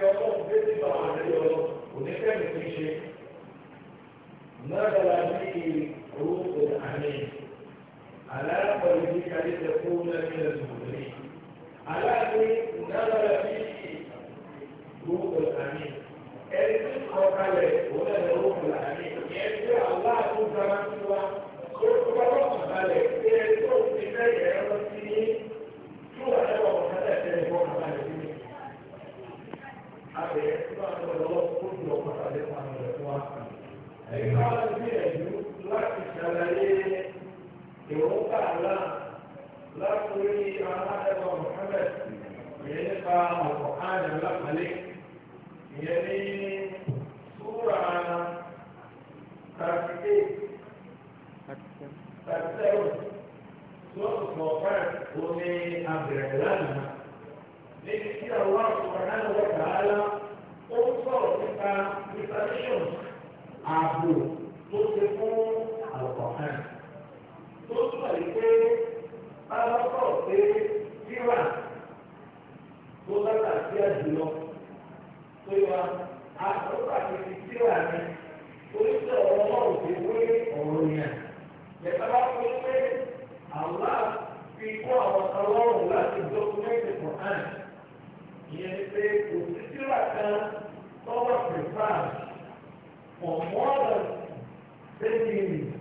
ti ọlọ́run dé sí àwọn àlejò ọlọ́run onífẹ́mi ti ṣe mọ́tàlá ní orúkọ àmì aláàpọ̀ ìdí kàdé tẹ kó lẹ́nu ẹ̀sùn òní aláàpọ̀ ẹni tó kọ́ kalẹ̀ òun náà for more than 30 minutes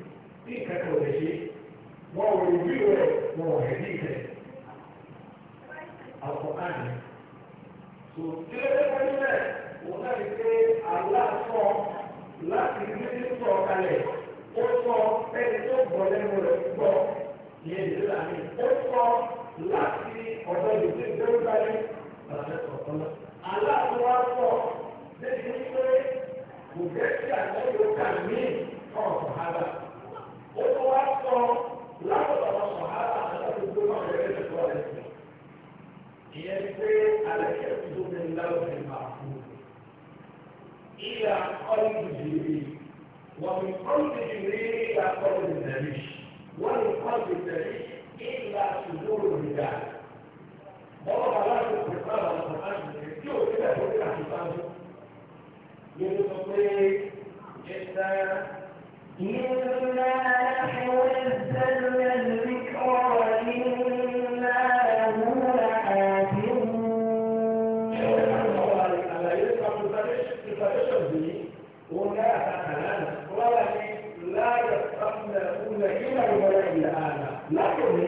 ní ìkẹ́kọ̀ọ́ rẹ̀ ṣe wọ́n wọ ìwé rẹ̀ wọ́n rẹ̀ ní ìfẹ́ àkọ́kàn rẹ̀. tó kí ló dé pẹ́ nílẹ̀ òun náà ní pé aláṣọ láti ní ní sọ kalẹ̀ ó sọ ẹni tó gbọ́ lẹ́nu rẹ̀ gbọ́ ìyẹn ìdílé àmì ó sọ láti ọ̀dọ́ ìdílé gbẹ́rú balẹ̀ làbẹ́ sọ̀tọ́ náà aláṣọ wá sọ lẹ́yìn pé kò fẹ́ sí àtẹ́jọ́ kàmí ọ̀rọ̀ sọ̀hálà. Ó tó wá sọ lábọ̀dọ̀ ọ̀rọ̀ sọ̀hálà àti gbogbo náà rẹ̀ lè tó rẹ̀ sí. Ìyẹn pé alẹ́kẹ́ tó tó ní lálọ́sẹ̀ máa kú. Ìyá ọ̀rọ̀ ìjìnlẹ̀ wọ́n mi kọ́lù ìjìnlẹ̀ ìyá ọ̀rọ̀ ìjìnlẹ̀ wọ́n mi kọ́lù ìjìnlẹ̀ ìyá ṣùgbọ́n òrìgà. Bọ́lá bàbá mi kò nínú sọ pé ẹ̀ta إنا نحن نزلنا الذكر وإنا له لحافظون. هناك كلام ولكن لا يستمعون إلى الولد الآن لكن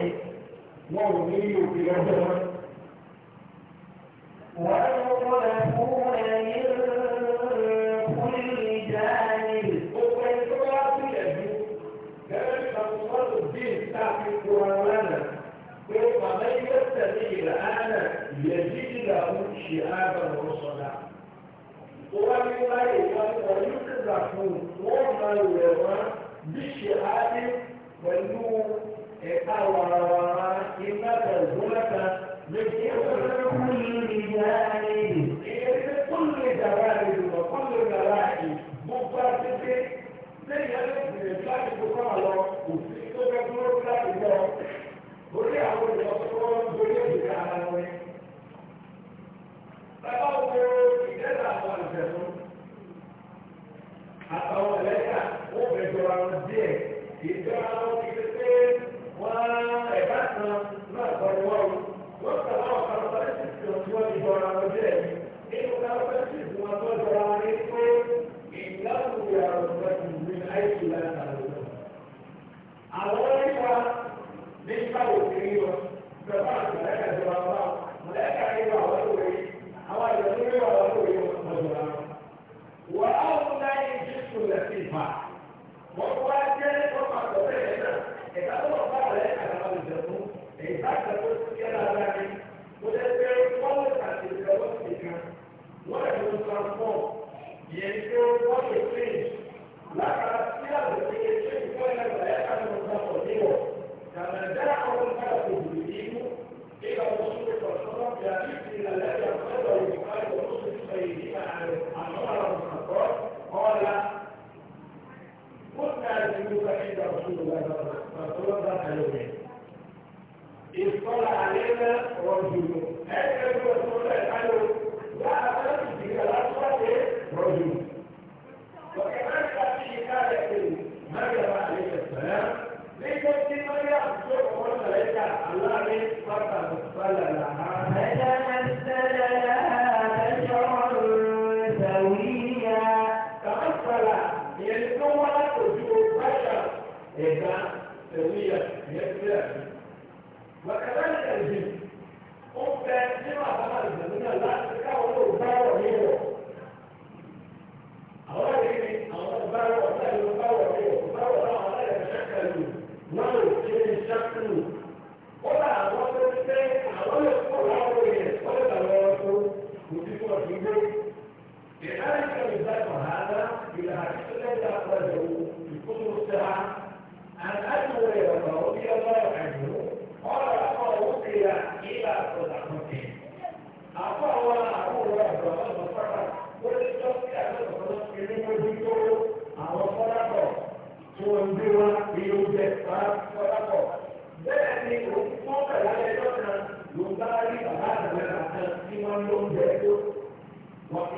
نغني في رجل ويخلفون من شهابا رسلا ومن الله ويكذبون وما يرى بالشهاد pẹ̀lú ẹ̀ka wàràwàrà iná tẹ̀gbọ́lẹ́ta lèkì ẹ̀kọ́ Gbogbo àti pé lẹ́yìn ẹlẹ́gbẹ̀rẹ̀ láti gbogbo àwọn big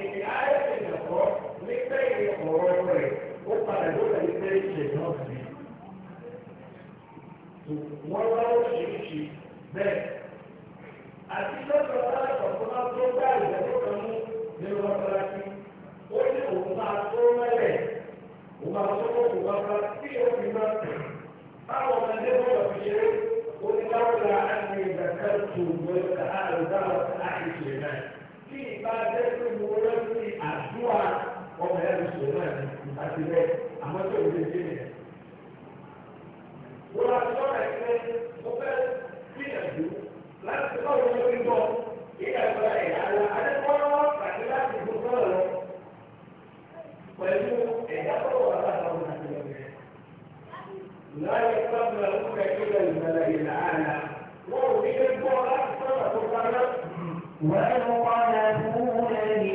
ìdí ayé ìdàpọ̀ nígbẹ̀yìn ọ̀rọ̀ rẹ̀ ó padà lórí ẹgbẹ́ ìṣẹ̀ náà sí. wọ́n wá oríṣiríṣi bẹ́ẹ̀. àti lọ́sọ̀ aláṣọ tó máa tó gbá ìdàpọ̀ kan mú nínú mọ́sálásí ó ní òun máa tó mẹ́lẹ̀ òun máa tó kó òun máa bá tí ó fi máa tẹ̀. báwọn ọmọdé bọ́ọ̀lù fi ṣeré ó ní báwo la tí ìbá jẹ́ pé mo rántí àdúrà ọmọ ẹ̀ ló sọ̀rọ̀ náà ní ìbáṣe bẹ́ẹ̀ àmọ́ tó lè dé nìyẹn. Wọ́n lọ sọ rẹ̀ pé mo fẹ́ gbìyànjú láti bá òun lórí bọ̀ ìyàgbọ́ ẹ̀yà ara adékọ́lọ́ pàdé láti gbó sọ̀rọ̀ lọ pẹ̀lú ẹ̀yà tó wà látàwọn àti ọ̀rẹ́. Láyé sábà ń fẹ́ kí lè ìgbàlẹ̀ ìlà àná. Wọ́n ò ní ويقلبون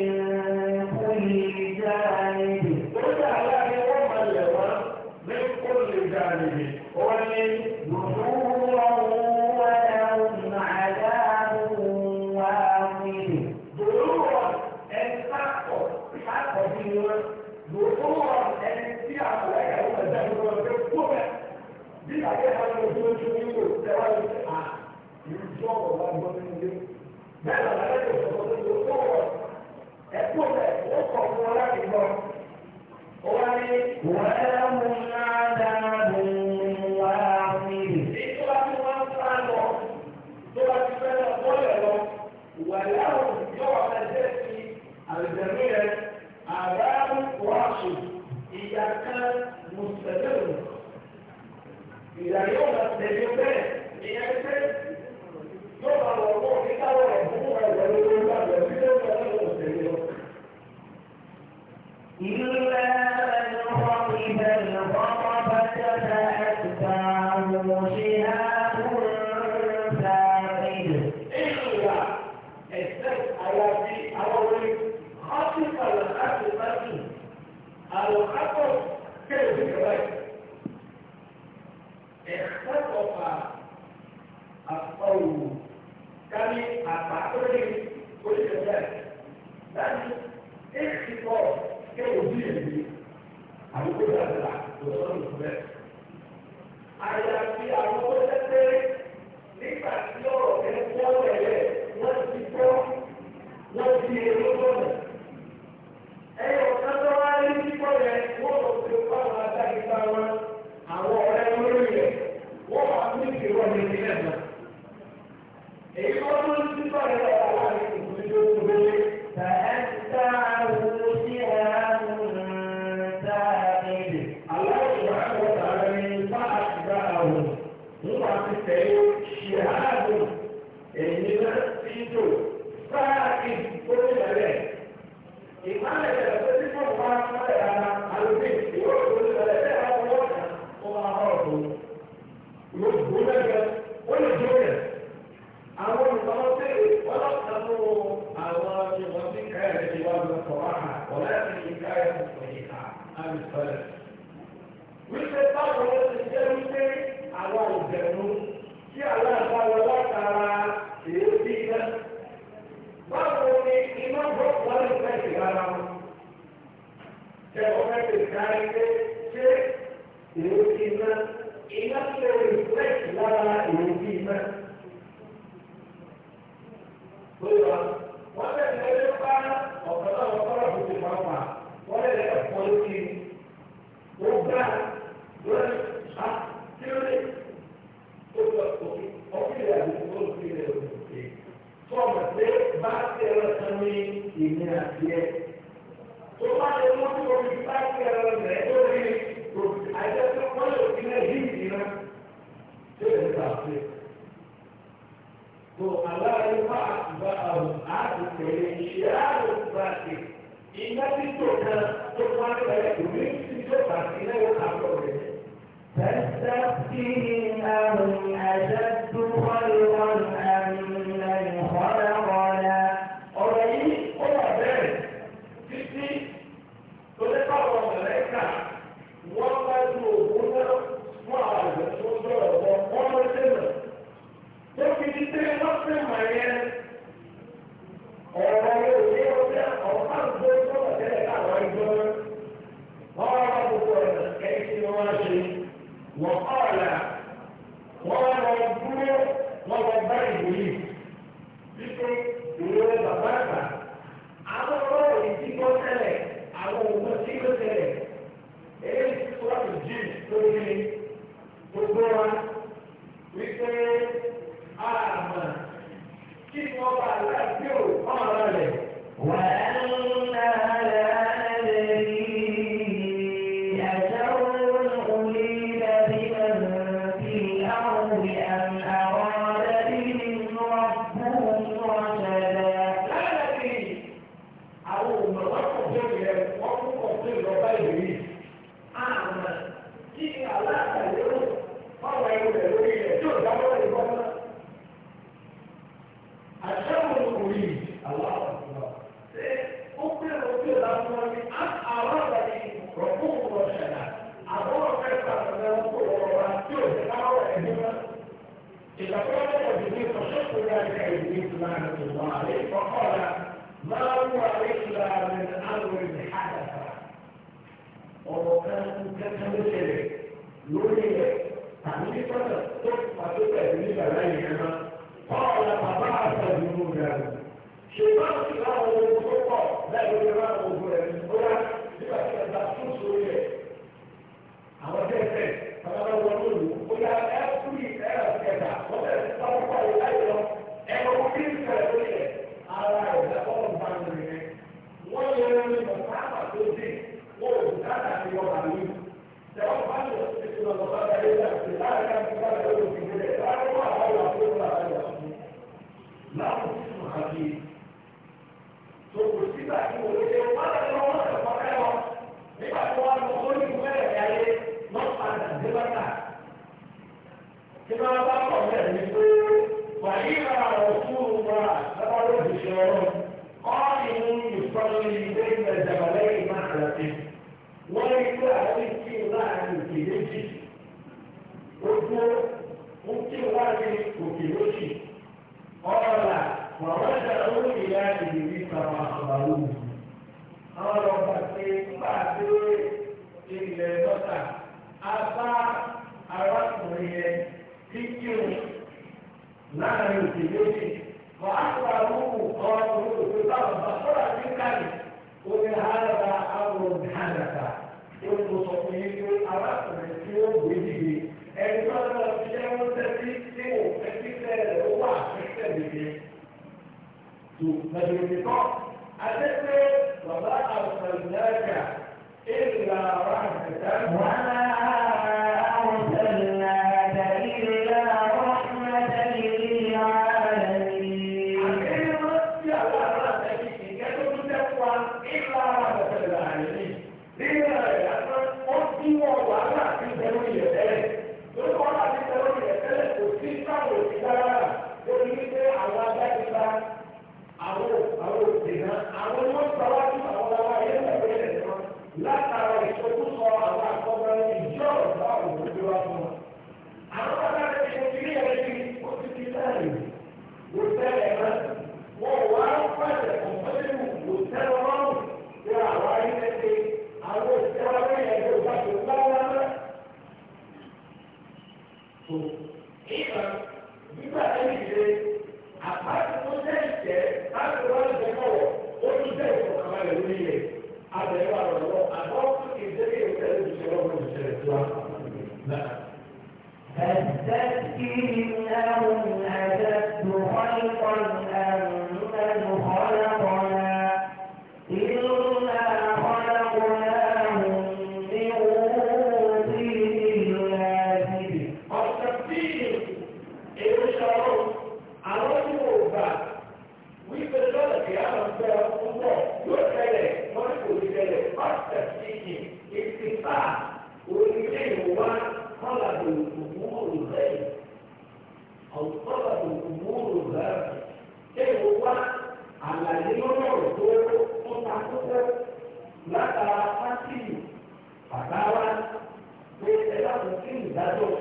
wípé báwo ló ti jẹ́ wípé àwọn ìbẹ̀rù tí aláǹbá wọlá I said,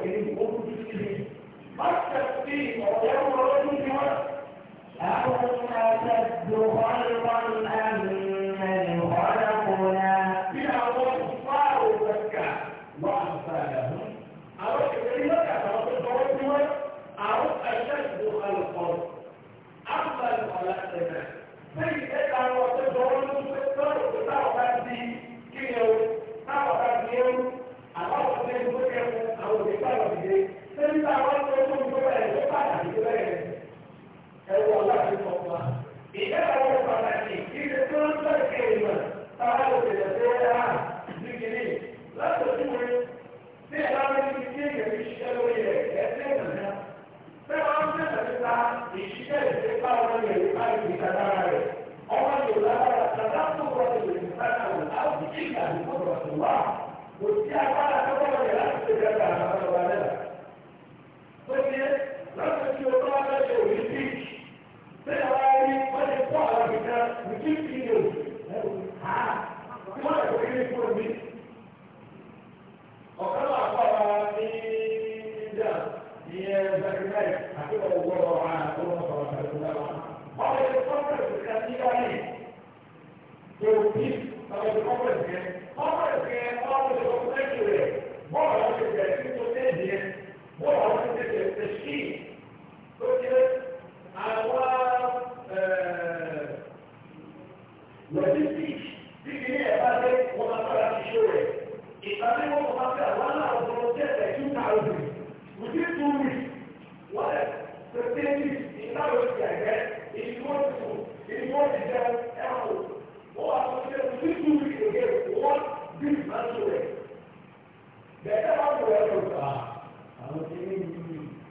obìnrin ó kú títí. Má ṣe fi ọ̀rẹ́ wọn lọ́dún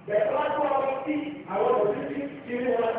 bẹ̀rẹ̀ wá tó ọmọ sí àwọn òbí sí irú wọn.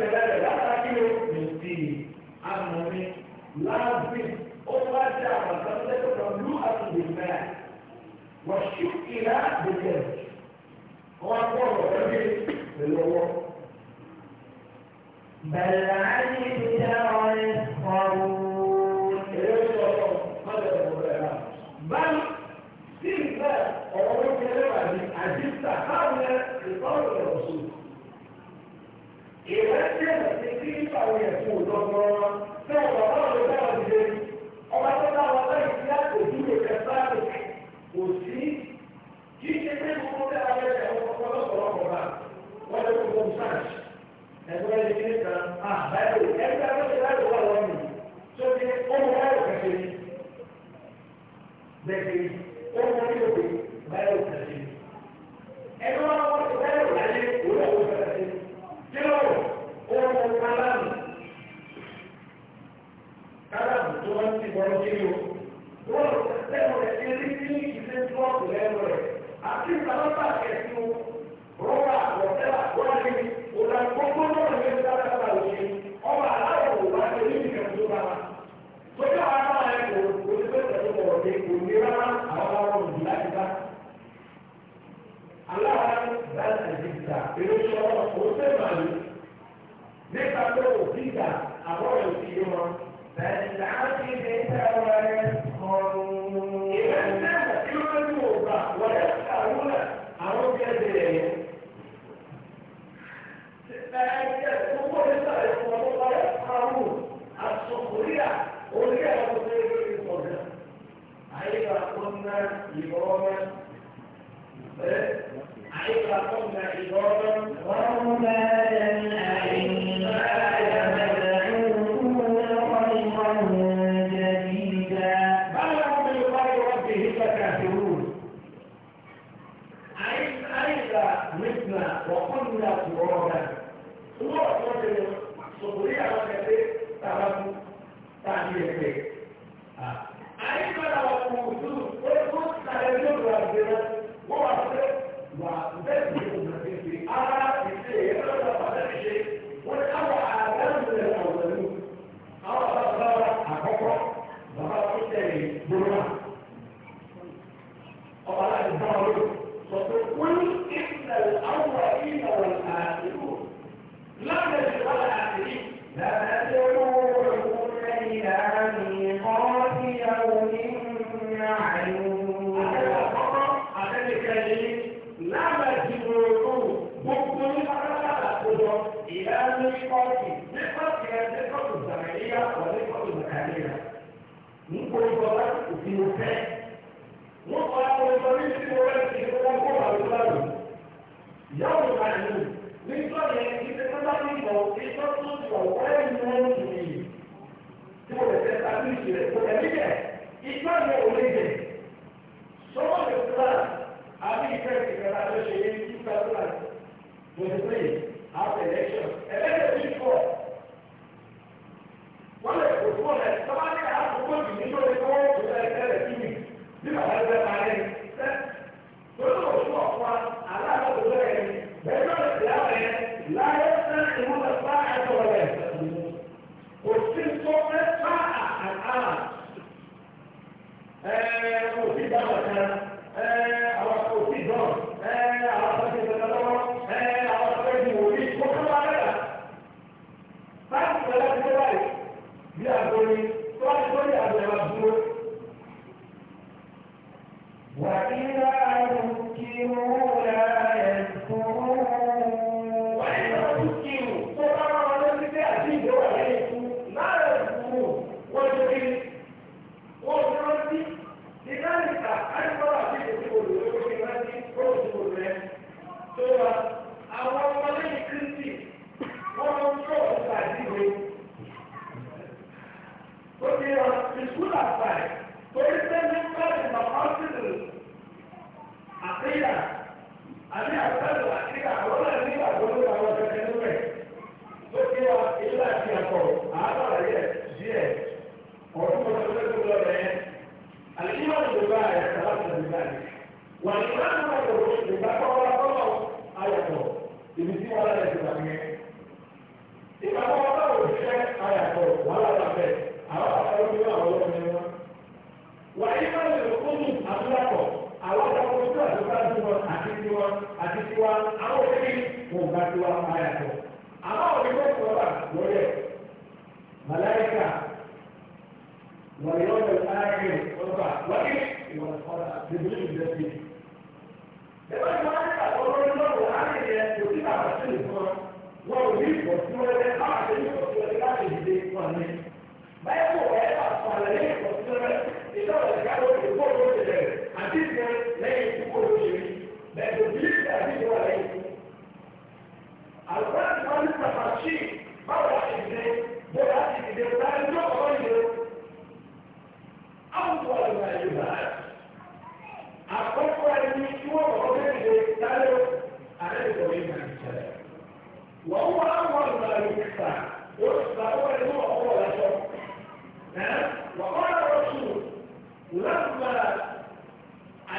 bẹ̀rẹ̀ rẹ̀ látàkì ló ní ti àmọ́ni láàbì ó wá dé àwọn akẹ́kọ̀ọ́ kan lú àtúndì náà wọ́n ṣú ìlà àgbègbè wọ́n á bọ̀ ọ̀rọ̀ rẹ̀ pẹ̀lú ọwọ́ bẹ̀rẹ̀ Thank you.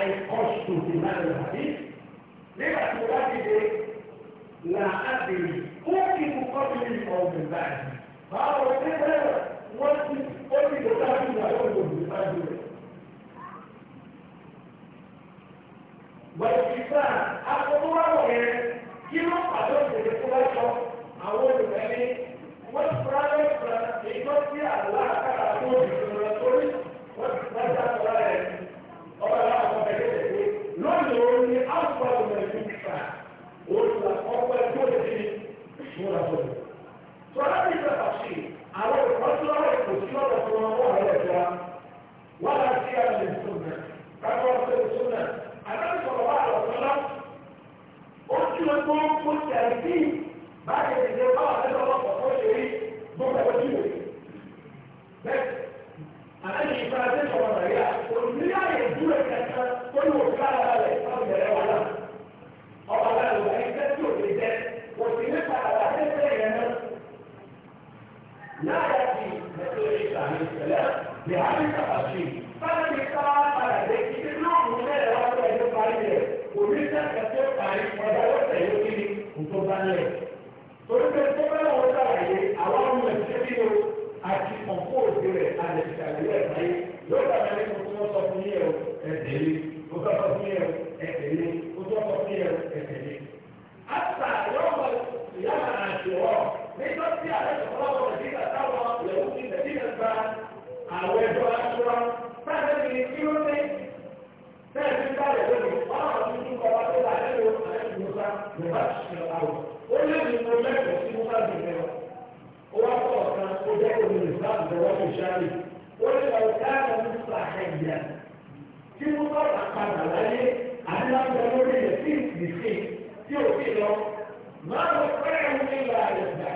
àìkọ́sù ti máa lọ àbí nígbà tí wọ́n dìde là á bèrè ó kí n kọ́ sí ní ọ̀gbìn báyìí báwo ní bẹ́ẹ̀ wọ́n ti ó ti lè dájú ìgbà tó lò ní ìbájú rẹ̀. Bọ̀dé ìgbà akọ̀tọ̀wọ̀ yẹn kí ló pàdé òṣèlú tó wá sọ àwọn olùdarí wọ́n ti fúra lọ́sọ̀rọ̀ èyí tó ti àlá. lọ máa lọ fẹ́ràn ní ìlà ìgbà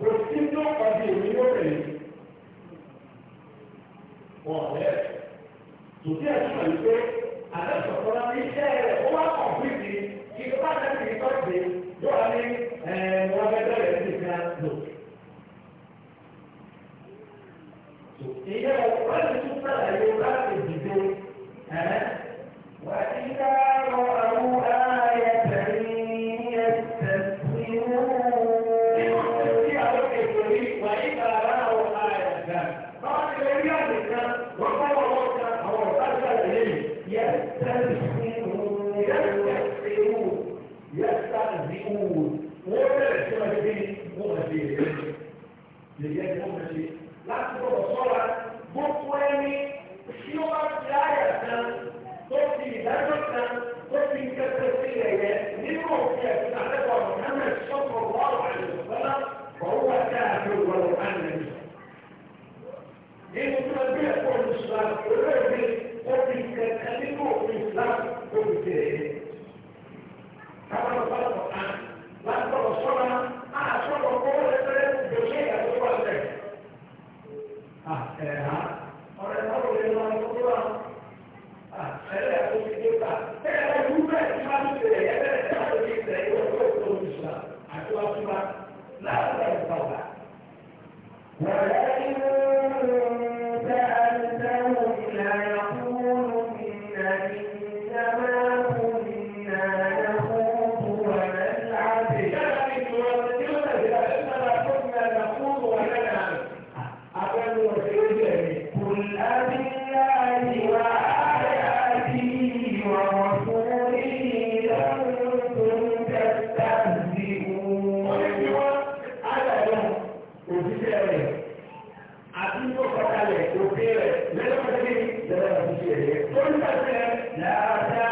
kò sí ní ọ̀dọ̀ èmi lórí wọn rẹ̀ tòbí àti ìgbà yìí pé àlẹ́ sọ̀kọ́lá ní iṣẹ́ rẹ̀. تفسيره لما تفسيره لما تفسيره كل تفسير لا تعلم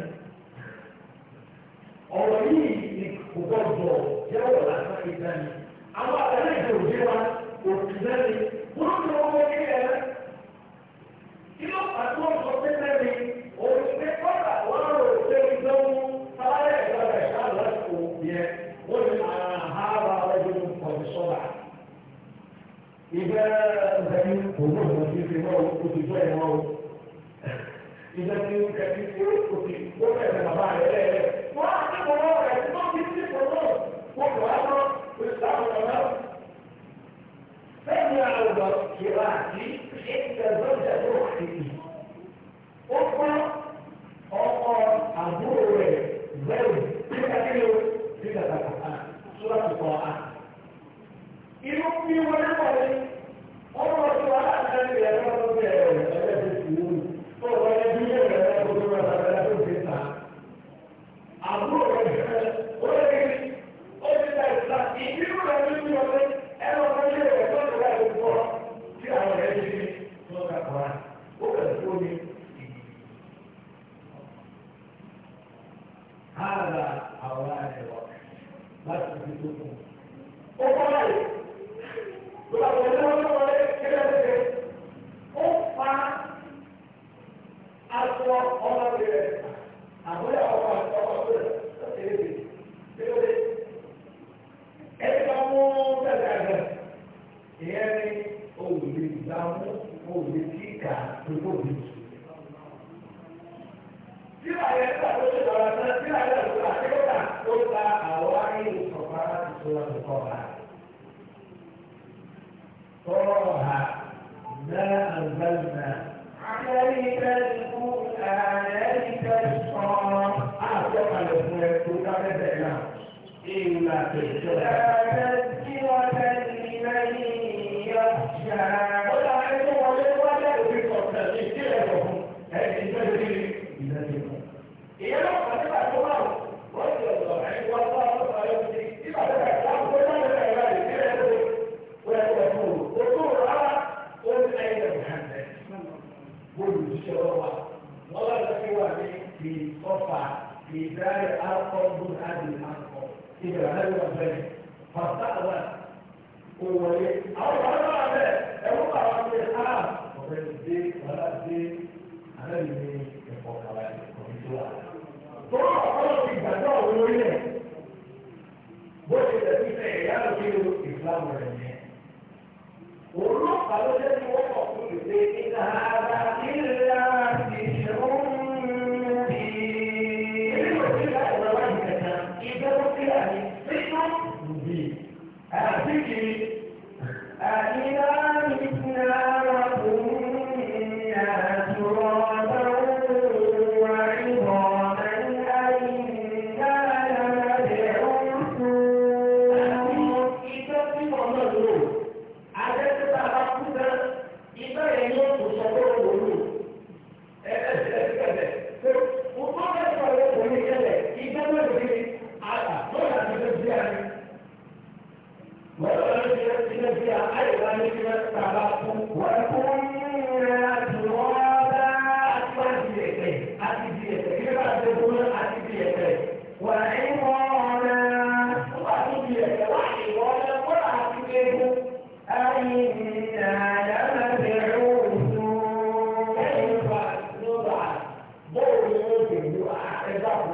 that.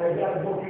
ẹ̀yà gbọ́kì.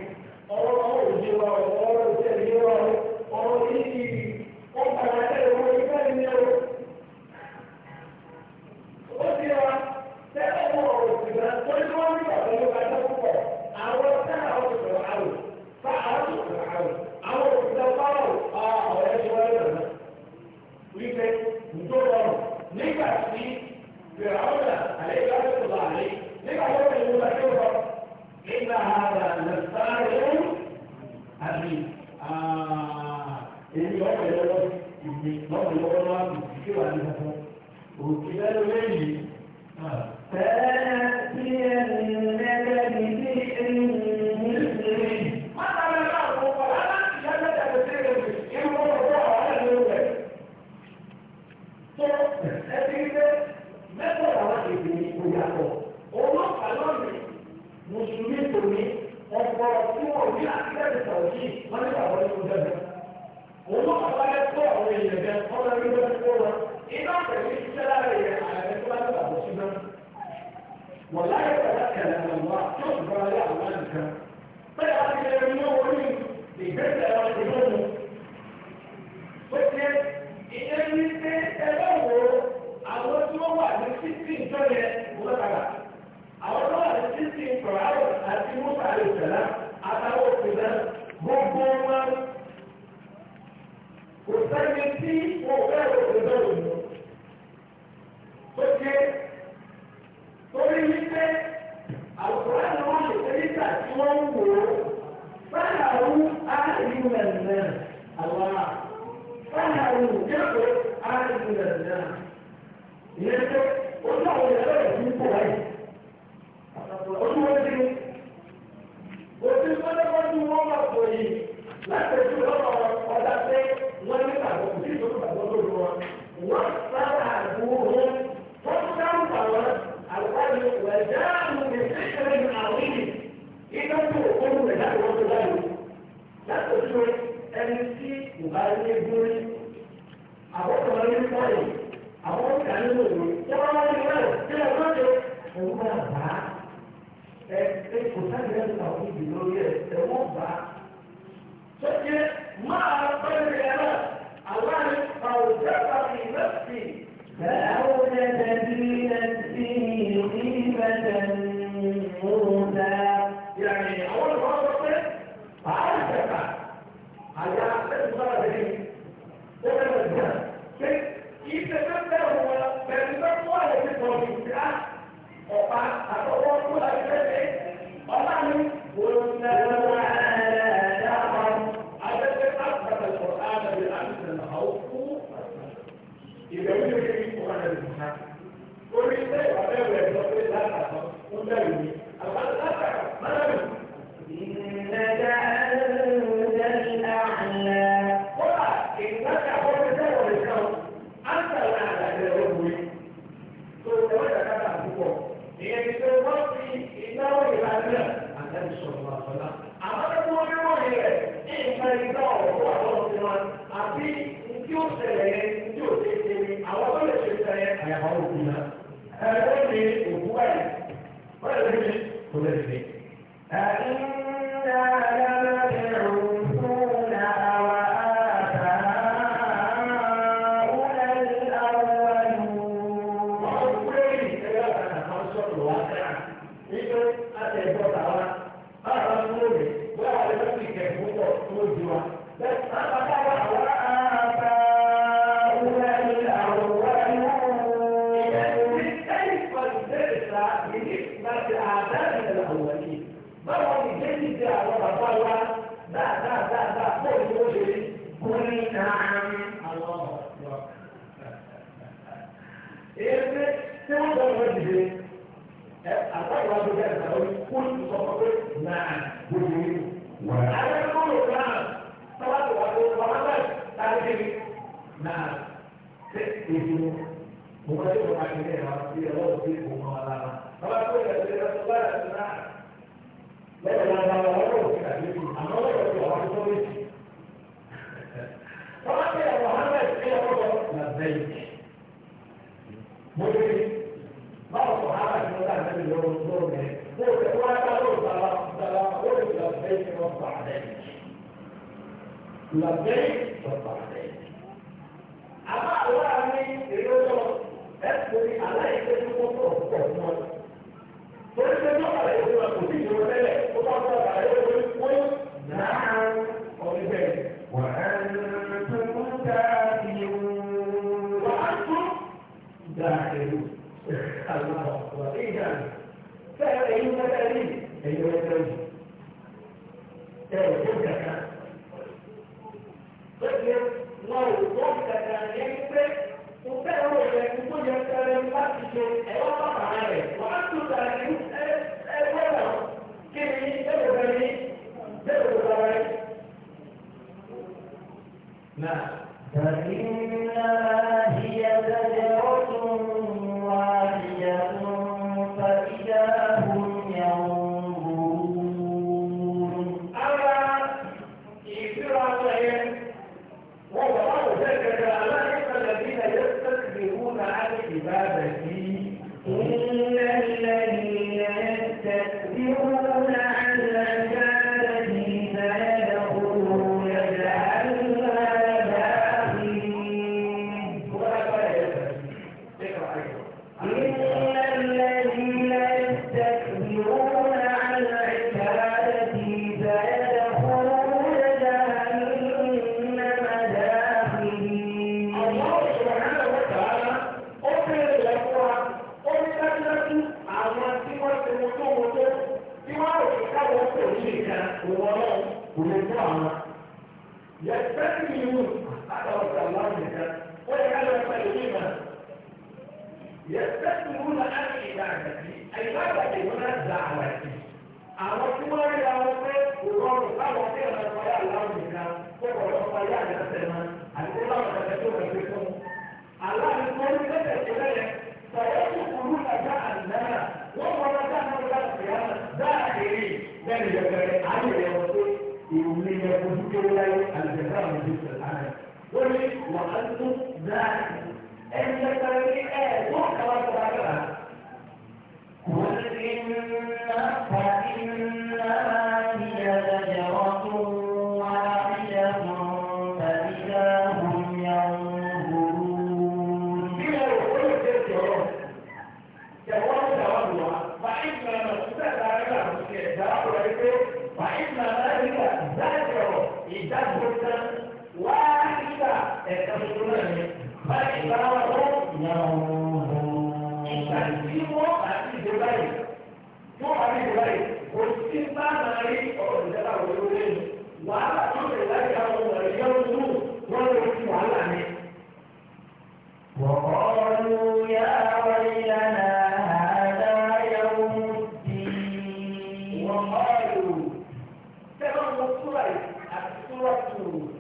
Ooh.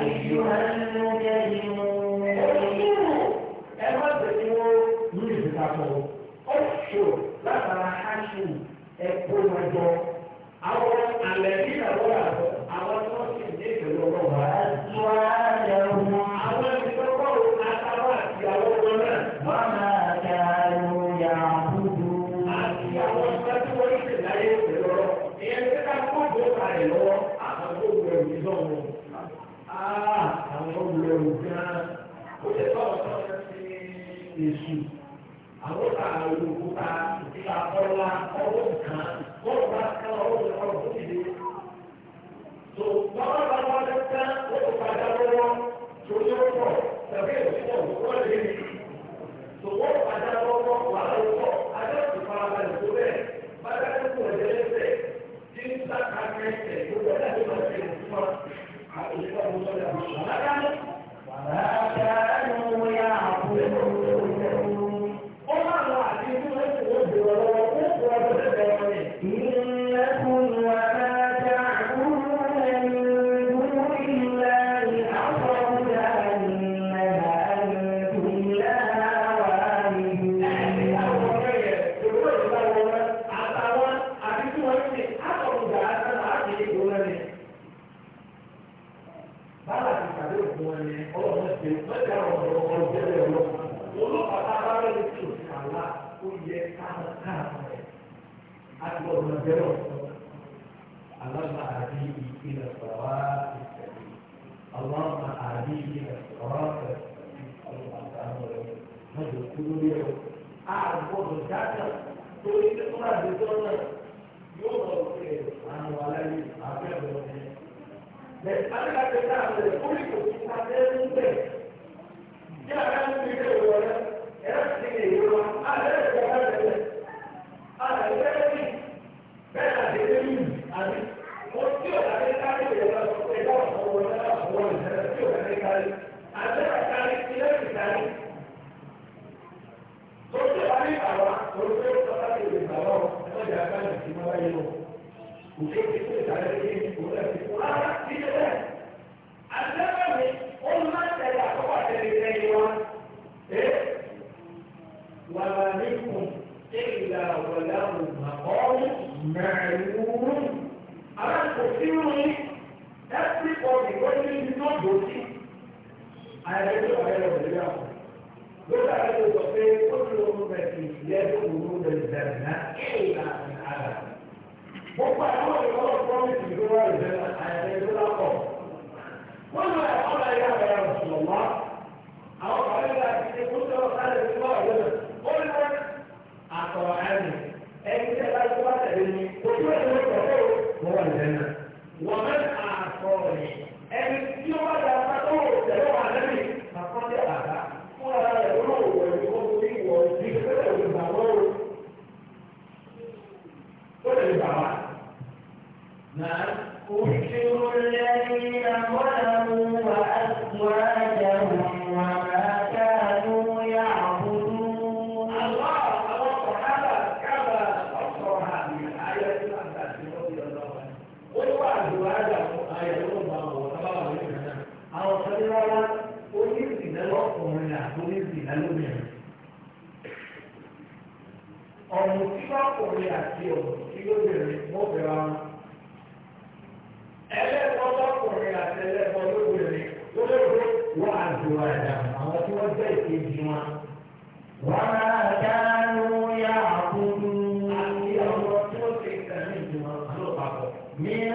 أيها المجاهد men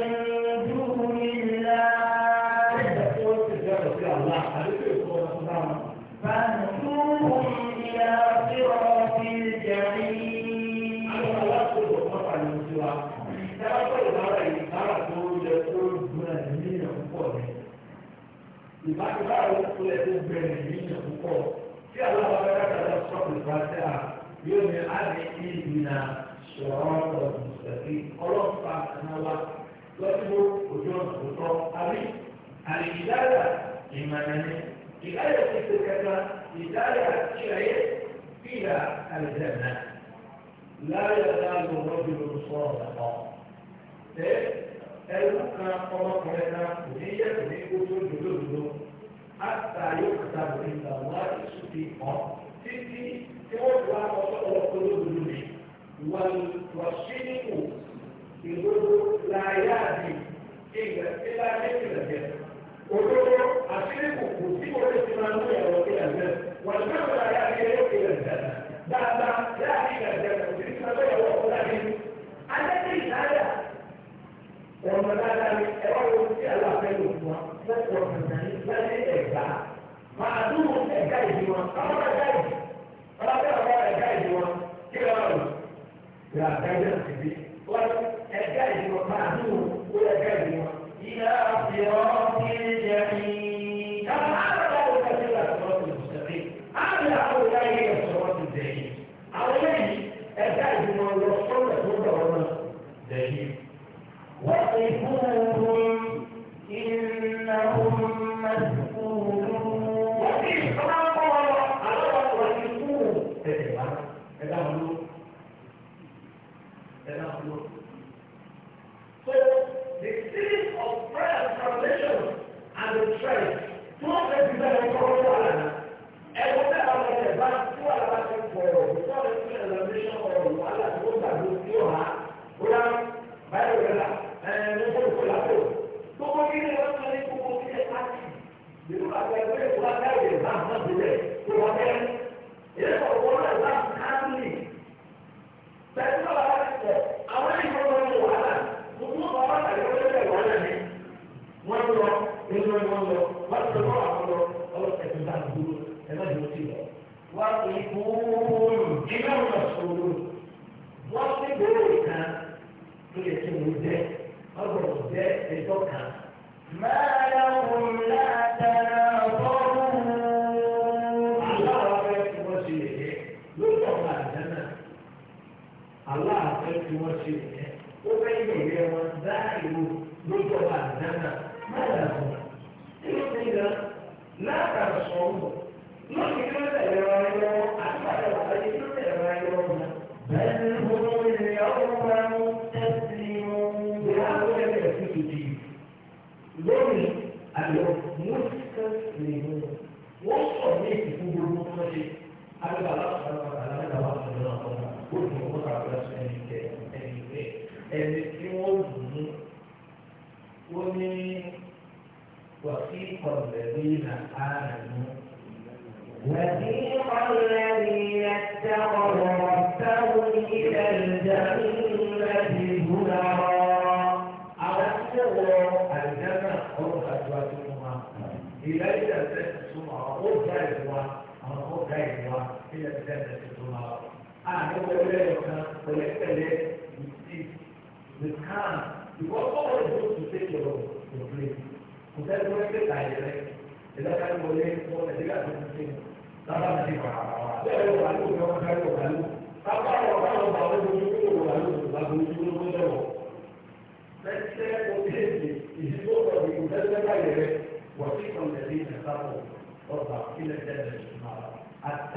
حتى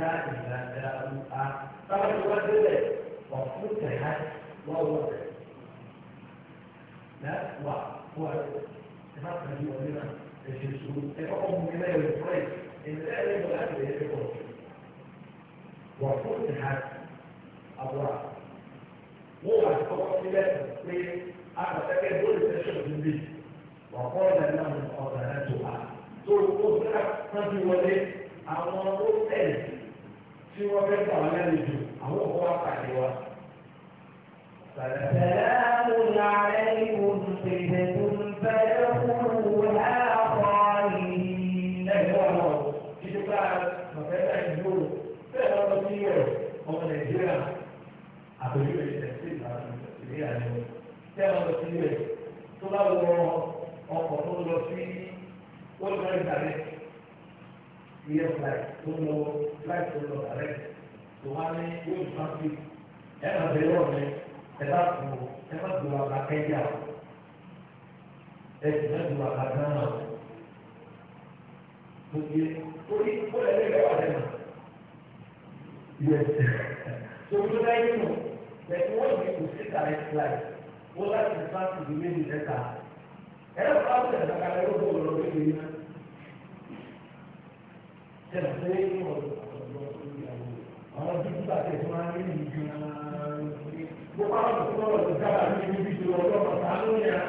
إذا جاءوا فقد وجد وفتحت ووضع لا هو هو تفكر في أمرنا في السجود تفكر في أمرنا في إزاي يبقى الأكل يجيبه وفتحت أبواب هو التفصيلات التي أعتقد دول تشرب به وقال لهم قبلتها تلقوا أكثر ولد أمروا ألف سوى بيت على الجو أهو هو قاعد سلام عليكم àpèjúwe ìtẹ̀sí ìlera rẹ̀ tẹ́ ọ lọ sí ilé tó bá wọ ọkọ̀ tó lọ sí olùdarí ìdàrẹ́ iye flight tó lọ flight tó lọ dàrẹ́ tó wá ní yóò fà sí ẹ má bẹ yọ̀ mi ẹ bá kú ẹ má gbọ́ àgbà kẹ́yà ẹ sì má gbọ́ àgbà gánà tó yẹ torí kó lẹ́yìn rẹ̀ wà lẹ́nu yẹ tó lọ láyé nù. Then what if you see direct light? What that is trying to be made in the car? Ẹ̀rọ fáwọn ẹ̀dá kan ló bọ̀ lọ know what to do. ẹ̀ ṣe é mọ̀ àwọn dúkìá tẹ̀ tó máa ń rí ìlú gan-an? Gbogbo àwọn tó tọ́ lọ sí dábàá ní ibi tí wọ́n lọ bàtà lónìí à.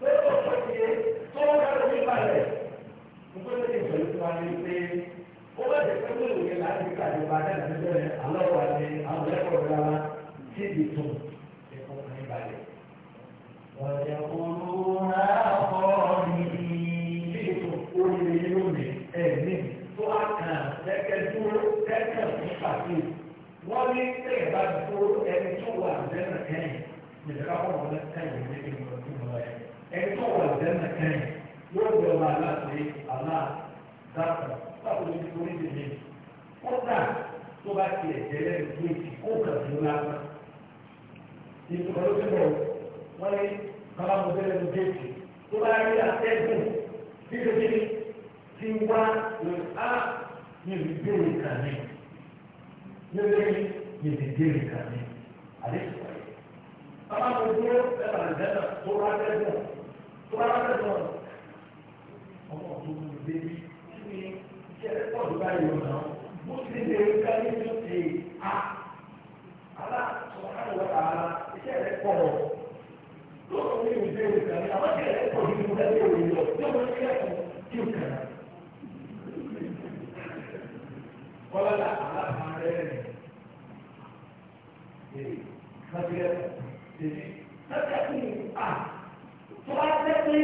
Ṣé o tó ti yé tó ń dá lórí balẹ̀? Mo tó lè sọ ìfúnwa ní pé ó bẹ̀rẹ̀ pẹ́ lóòrè láti kàdé bàtà ìdílé àlọ́ wa ní àwọn ẹ̀kọ́ ti dùn ẹ̀kọ́ kan balẹ̀. ọ̀dẹ̀kùnrúnà kọ́ ni ilé ètò oríire lónìí ẹ̀mí tó a kàn kẹ́kẹ́ dúró kẹ́kẹ́ fún pàtó. wọ́n ní tẹ̀yẹ̀ bá dúró ẹni tó wà lẹ́nu kẹ́yìn ìjọba fọwọ́ lẹ́nu kẹ́yìn ní ìgbà tó wà ẹ̀ ẹni tó wà lẹ́nu kẹ́yìn yóò bẹ̀ wà láti àlá dáàbò báwo ni orí ti lè tó bá tiẹ̀ jẹ́ lẹ́nu tó kó kàn ìtumọ̀ ló ti bọ̀ wọ́n ní kálámù bẹ́ẹ̀ ló géètì tó bá rí àtẹ́gùn bí ló ti ti wá á yìí béèrè kàní nílé yìí béèrè kàní àdéhùn wáyé. bàbá mi dúró ẹ̀rọ àdéhùn tó rà tẹ́gùn tó rà tẹ́gùn ọmọ tó ń gbé bí kí ni kí ẹ pọ̀ lóba yóò náà bó ti lè ká ní tó ti a. Allah subhanahu wa ta'ala kẹrẹ pọ̀ tó o ní ìwé ìwé kan ní àwọn kẹrẹ pọ̀ ní ìwé ìwé ìwé lọ tí o máa ń kẹ́kọ̀ọ́ tí o kàn án. kọ́lá la aláàmà rẹ̀ rẹ̀ kábíyà tèmi kábíyà tèmi à tó a fẹ́ pé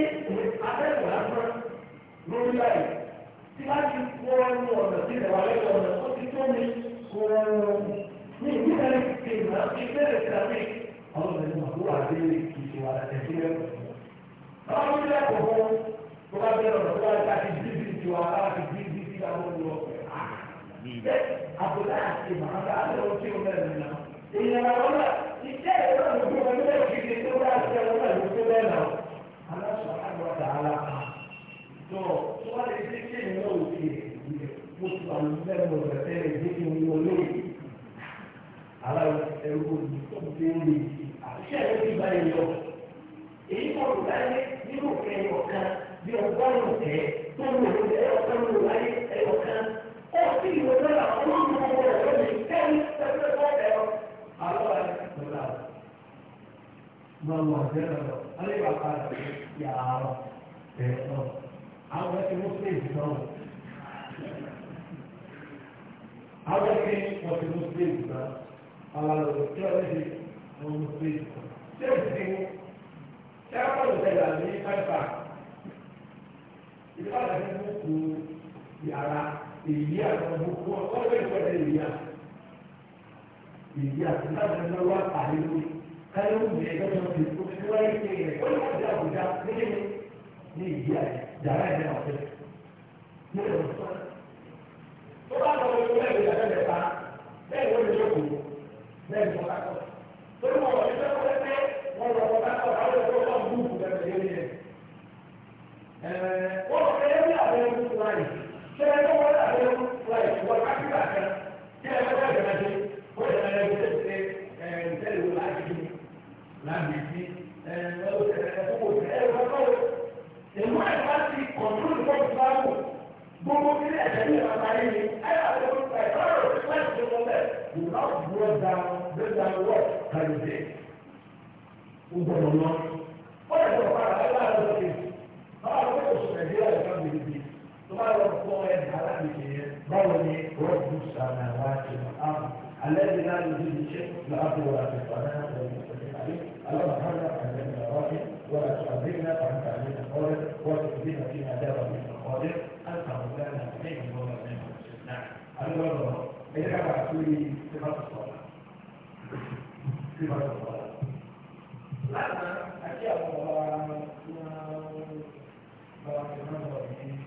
abẹ́rẹ́ lásán lórí láyé tí bá ti wọ́n ní ọ̀nà tí ìrẹ̀wà lẹ́yìn ọ̀nà tó ti tó mi kó ní ìdílé ìgbìmọ̀ ìbẹ̀rẹ̀ sàmì ọlọ́run ní màkú àti ìṣe wà ẹ̀sìn rẹ̀. Báwo ni ilé ẹ̀kọ́ fún tó bá bẹ̀rẹ̀ ọ̀rọ̀ tó wá ní àti bíbí ti wà á ti bíbí ti wà ó lọ. Àbúlá àti màkà á lọ sí ọmọ ẹ̀mí náà. Ìyẹn àwọn náà iṣẹ́ ìwé àwọn òbí wọn nílẹ̀ kìíní tó bá ṣe ọmọ ẹ̀mí tó bẹ́ẹ̀ náà. Aláṣọ àgbàdà ara kan. Tó tí ẹ̀rọ ti gba ẹ̀yọ. Èyí kọ̀ ló láyé nínú òfin ẹ̀yọ kan bí ọgọ́rùn-ún ọ̀tẹ́ tó ń wòlò ẹ̀yọ kan ló láyé ẹ̀yọ kan. Ó sì ìwé lọ́la fún gbogbo ọ̀rọ̀ mi kẹ́rin pẹ̀lú ẹ̀kọ́ ẹ̀rọ. Àlọ́ àti ìtura. Mo mọ̀ ọ̀jẹ́ lọ́dọ̀, alẹ́ bàbá rẹ̀ yàrá ẹ̀rọ. Àwọn ẹ̀sìn Mùsùlùmí náà. Àwọn ẹ̀sìn Mùsùlùmí náà. Àwọn ẹ̀sìn lórí pé ṣé ìsìn ṣé àpọ̀lọ̀ ṣẹlẹ̀ àmì pẹ́pà ìfọ̀lẹ̀ ní gbogbo yàrá èyí àwọn gbogbo ọ̀pọ̀lọpọ̀ ìfọ̀lẹ̀ èyí à èyí àti láti ẹ̀rọ wá torí wọn wọ̀ nípa ẹgbẹ́ pé wọn wọ̀ wọn bá kọ̀ láwọn ẹgbẹ́ wọn bú bú bẹ́ẹ̀ bẹ́ẹ̀ bẹ́ẹ̀. ẹ̀ẹ́ wọ́n fẹ́ ẹ́ bí abẹ́rẹ́ fún fúláì ṣé ẹ tó wọ́n abẹ́rẹ́ fún fúláì wọ́n kápítà kan kí ẹ bá bẹ̀rẹ̀ ṣe wọ́n yẹ ẹ bí ṣe ẹ ìtẹ́lẹ̀ wò láti bí láti bí ẹ ẹ ó ṣe ẹ tó wò ẹ ẹ wọ́n kọ́ ìmú ẹ̀ bá ti kọ̀ọ̀tún gbogbo ilé ẹ̀jẹ̀ ní ọ̀la yìí ẹ̀yà tó ń pẹ̀ lọ́rọ̀ láti ṣe wọlé without broad down bẹ́ẹ̀ ni wọ́n kàlù jẹ́ ń gbọ́dọ̀ lọ. ó lè sọ fún àwọn ẹgbẹ́ àwọn ọ̀sẹ̀ báwo ló kò sọ nàìjíríà ìjọba mi níbi tó bá lọ fọ ẹ̀ nàrà mi kì í báwo ni rọ́ọ̀bù sàmì àwọn àti àmì alẹ́ mi náà ló dìbò iṣẹ́ láàbò wà ní ìpàdánù ولا تؤذينا فأنت علينا قادر وتؤذينا فيما دار من القادر أنت مولانا نعم أنا برضه إذا بعثوا لي صفات الصلاة sí máa sọ̀rọ̀ wa. lánàá àti àwọn ọmọ wa ni wọ́n bá wa ní náà lọ sí